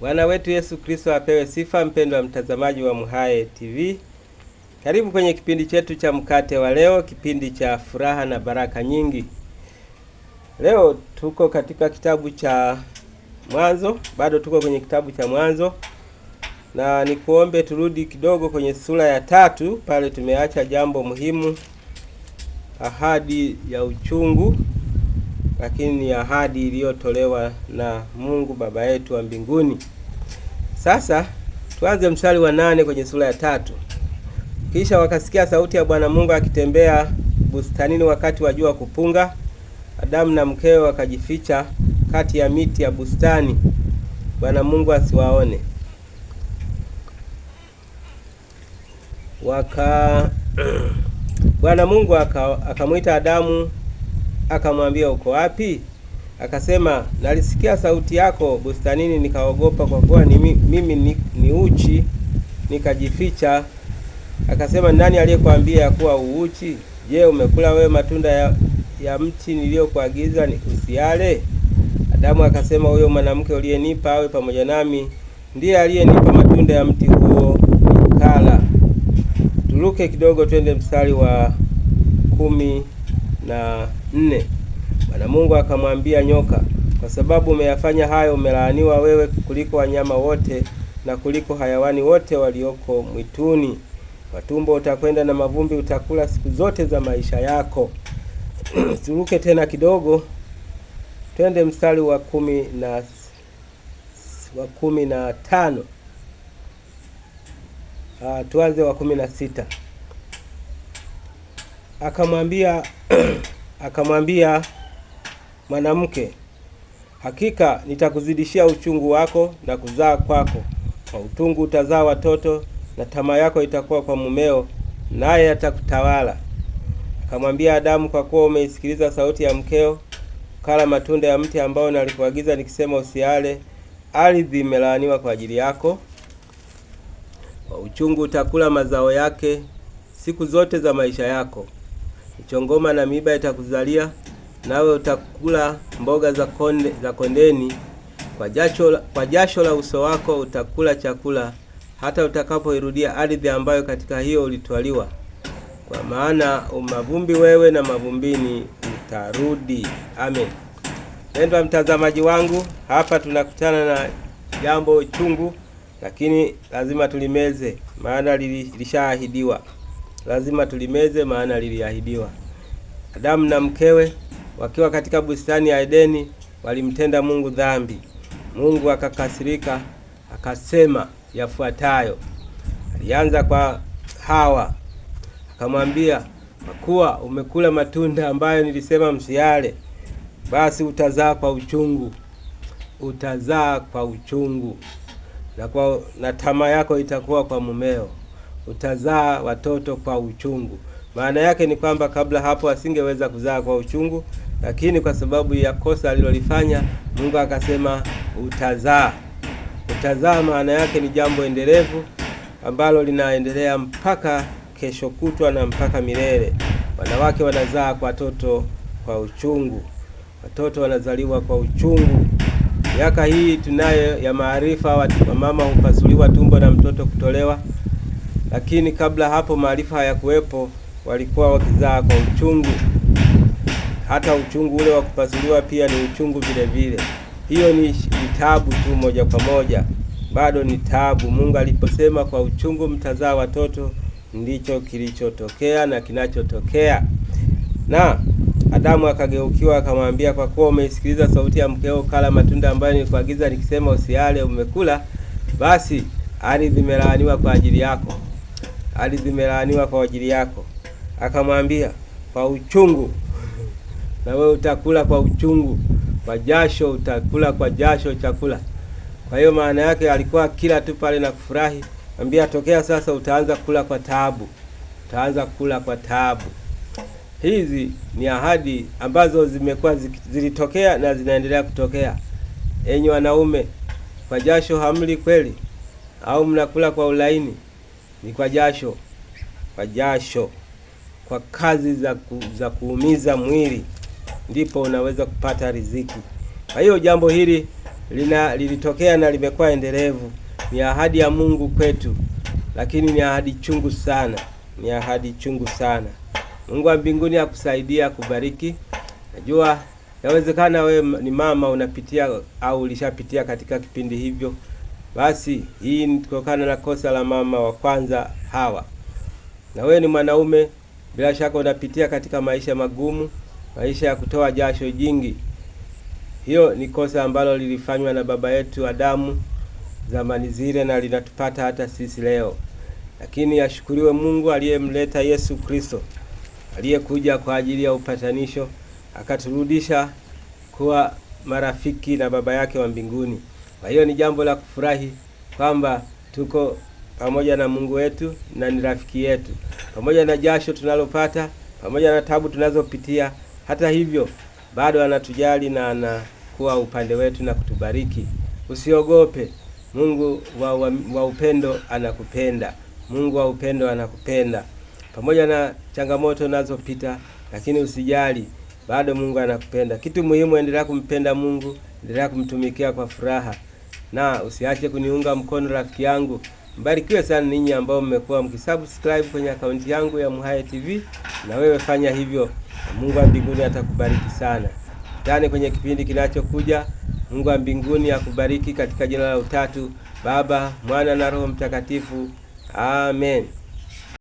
Bwana wetu Yesu Kristo apewe sifa. Mpendwa mtazamaji wa MHAE TV, karibu kwenye kipindi chetu cha mkate wa leo, kipindi cha furaha na baraka nyingi. Leo tuko katika kitabu cha Mwanzo, bado tuko kwenye kitabu cha Mwanzo, na nikuombe turudi kidogo kwenye sura ya tatu. Pale tumeacha jambo muhimu, ahadi ya uchungu lakini ni ahadi iliyotolewa na Mungu Baba yetu wa mbinguni. Sasa tuanze mstari wa nane kwenye sura ya tatu. Kisha wakasikia sauti ya Bwana Mungu akitembea bustanini wakati wa jua kupunga. Adamu na mkewe wakajificha kati ya miti ya bustani, Bwana Mungu asiwaone. Waka Bwana Mungu akamwita Adamu Akamwambia, uko wapi? Akasema, nalisikia sauti yako bustanini, nikaogopa kwa kuwa ni mimi ni, ni uchi, nikajificha. Akasema, nani aliyekwambia kuwa uuchi? Je, umekula wewe matunda ya, ya mti niliyokuagiza ni usiale? Adamu akasema, huyo mwanamke uliyenipa awe pamoja nami ndiye aliyenipa matunda ya mti huo nikala. Turuke kidogo, twende mstari wa kumi na nne. Bwana Mungu akamwambia nyoka, kwa sababu umeyafanya hayo, umelaaniwa wewe kuliko wanyama wote na kuliko hayawani wote walioko mwituni. Kwa tumbo utakwenda na mavumbi utakula siku zote za maisha yako. Turuke tena kidogo, twende mstari wa kumi na wa kumi na tano ah, tuanze wa kumi na sita akamwambia akamwambia mwanamke, hakika nitakuzidishia uchungu wako na kuzaa kwako, kwa utungu utazaa watoto na tamaa yako itakuwa kwa mumeo, naye atakutawala. Akamwambia Adamu, kwa kuwa umeisikiliza sauti ya mkeo, ukala matunda ya mti ambao nalikuagiza nikisema usiale, ardhi imelaaniwa kwa ajili yako, kwa uchungu utakula mazao yake siku zote za maisha yako. Chongoma na miba itakuzalia, nawe utakula mboga za konde, za kondeni. Kwa jasho, kwa jasho la uso wako utakula chakula hata utakapoirudia ardhi ambayo katika hiyo ulitwaliwa, kwa maana umavumbi wewe na mavumbini utarudi. Amen. Pendwa mtazamaji wangu, hapa tunakutana na jambo chungu, lakini lazima tulimeze, maana lilishaahidiwa lazima tulimeze, maana liliahidiwa. Adamu na mkewe wakiwa katika bustani ya Edeni walimtenda Mungu dhambi. Mungu akakasirika, akasema yafuatayo. Alianza kwa Hawa akamwambia, kwa kuwa umekula matunda ambayo nilisema msiale, basi utazaa kwa uchungu, utazaa kwa uchungu na, kwa, na tamaa yako itakuwa kwa mumeo utazaa watoto kwa uchungu. Maana yake ni kwamba kabla hapo asingeweza kuzaa kwa uchungu, lakini kwa sababu ya kosa alilolifanya Mungu akasema utazaa. Utazaa maana yake ni jambo endelevu ambalo linaendelea mpaka kesho kutwa na mpaka milele. Wanawake wanazaa kwa watoto kwa uchungu, watoto wanazaliwa kwa uchungu. Miaka hii tunayo ya maarifa, wamama hupasuliwa tumbo na mtoto kutolewa lakini kabla hapo maarifa hayakuwepo, walikuwa wakizaa kwa uchungu. Hata uchungu ule wa kupasuliwa pia ni uchungu vile vile. Hiyo ni tabu tu moja kwa moja, bado ni tabu. Mungu aliposema kwa uchungu mtazaa watoto, ndicho kilichotokea na kinachotokea. Na Adamu akageukiwa akamwambia, kwa kuwa umeisikiliza sauti ya mkeo, kala matunda ambayo nilikuagiza nikisema usiale, umekula, basi ardhi imelaaniwa kwa ajili yako ardhi imelaaniwa kwa ajili yako. Akamwambia, kwa uchungu na wewe utakula kwa uchungu, kwa jasho utakula kwa jasho chakula. Kwa hiyo maana yake alikuwa kila tu pale na kufurahi. Ambia tokea sasa utaanza kula kwa taabu, utaanza kula kwa taabu. Hizi ni ahadi ambazo zimekuwa zilitokea na zinaendelea kutokea. Enyi wanaume, kwa jasho hamli kweli? Au mnakula kwa ulaini? ni kwa jasho, kwa jasho, kwa kazi za, ku, za kuumiza mwili ndipo unaweza kupata riziki. Kwa hiyo jambo hili lina lilitokea na limekuwa endelevu, ni ahadi ya Mungu kwetu, lakini ni ahadi chungu sana, ni ahadi chungu sana. Mungu wa mbinguni akusaidia, kubariki Najua yawezekana wewe ni mama unapitia au ulishapitia katika kipindi hivyo. Basi hii ni kutokana na kosa la mama wa kwanza Hawa. Na wewe ni mwanaume, bila shaka unapitia katika maisha magumu, maisha ya kutoa jasho jingi. Hiyo ni kosa ambalo lilifanywa na baba yetu Adamu zamani zile, na linatupata hata sisi leo, lakini ashukuriwe Mungu aliyemleta Yesu Kristo aliyekuja kwa ajili ya upatanisho, akaturudisha kuwa marafiki na baba yake wa mbinguni. Kwa hiyo ni jambo la kufurahi kwamba tuko pamoja na Mungu wetu na ni rafiki yetu, pamoja na jasho tunalopata, pamoja na tabu tunazopitia. Hata hivyo bado anatujali na anakuwa upande wetu na kutubariki. Usiogope, Mungu wa, wa, wa upendo anakupenda. Mungu wa upendo anakupenda pamoja na changamoto unazopita, lakini usijali, bado Mungu anakupenda. Kitu muhimu, endelea kumpenda Mungu endelea kumtumikia kwa furaha, na usiache kuniunga mkono rafiki yangu. Mbarikiwe sana ninyi ambao mmekuwa mkisubscribe kwenye akaunti yangu ya MHAE TV, na wewe fanya hivyo. Mungu wa mbinguni atakubariki sana. Tane kwenye kipindi kinachokuja. Mungu wa mbinguni akubariki katika jina la Utatu, Baba, Mwana na Roho Mtakatifu. Amen.